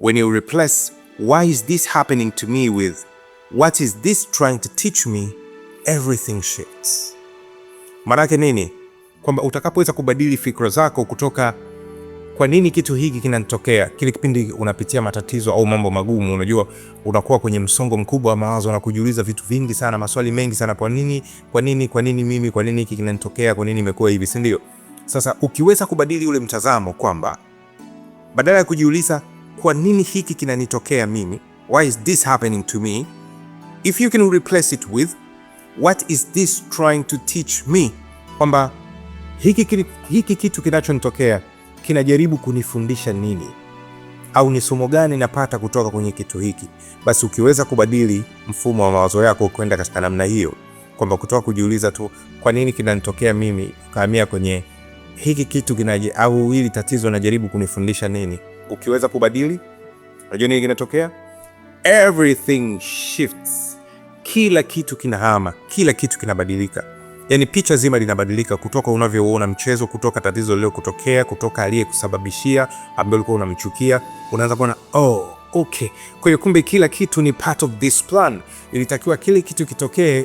when you replace why is this happening to me with what is this trying to teach me, everything shifts. Maanake nini? Kwamba utakapoweza kubadili fikra zako kutoka kwa nini kitu hiki kinanitokea, kile kipindi unapitia matatizo au mambo magumu, unajua unakuwa kwenye msongo mkubwa wa mawazo na kujiuliza vitu vingi sana, maswali mengi sana, kwa nini, kwa nini, kwa nini mimi, kwa nini hiki kinanitokea, kwa nini imekuwa hivi, si ndio? Sasa ukiweza kubadili ule mtazamo kwamba badala ya kujiuliza kwa nini hiki kinanitokea mimi? Why is this happening to me? If you can replace it with what is this trying to teach me, kwamba hiki, hiki kitu kinachonitokea kinajaribu kunifundisha nini, au ni somo gani napata kutoka kwenye kitu hiki? Basi ukiweza kubadili mfumo wa mawazo yako kwenda katika namna hiyo, kwamba kutoka kujiuliza tu kwa nini kinanitokea mimi, ukahamia kwenye hiki kitu kinaje, au hili tatizo najaribu kunifundisha nini ukiweza kubadili, unajua nini kinatokea? Everything shifts, kila kitu kinahama, kila kitu kinabadilika. Yani picha zima linabadilika kutoka unavyoona mchezo, kutoka tatizo lililokutokea, kutoka aliyekusababishia ambaye ulikuwa unamchukia, unaanza kuona oh, okay, kwa hiyo kumbe kila kitu ni part of this plan. Ilitakiwa kile kitu kitokee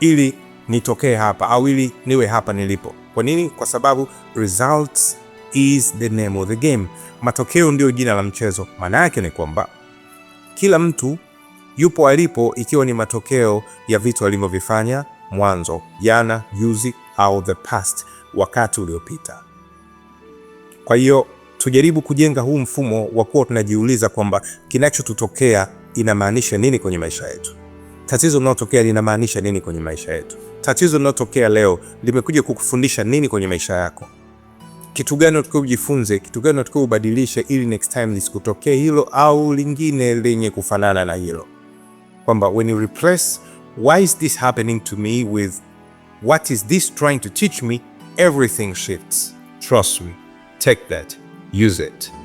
ili nitokee hapa au ili niwe hapa nilipo. Kwa nini? Kwa sababu results is the name of the game, matokeo ndiyo jina la mchezo. Maana yake ni kwamba kila mtu yupo alipo, ikiwa ni matokeo ya vitu alivyovifanya mwanzo, jana, juzi au the past, wakati uliopita. Kwa hiyo tujaribu kujenga huu mfumo wa kuwa tunajiuliza kwamba kinachotutokea inamaanisha nini kwenye maisha yetu. Tatizo linalotokea linamaanisha nini kwenye maisha yetu? Tatizo linalotokea leo limekuja kukufundisha nini kwenye maisha yako? kitu gani unatakiwa ujifunze, kitu gani unatakiwa ubadilishe ili next time lisikutokee hilo au lingine lenye kufanana na hilo, kwamba when you replace why is this happening to me with what is this trying to teach me, everything shifts. Trust me, take that, use it.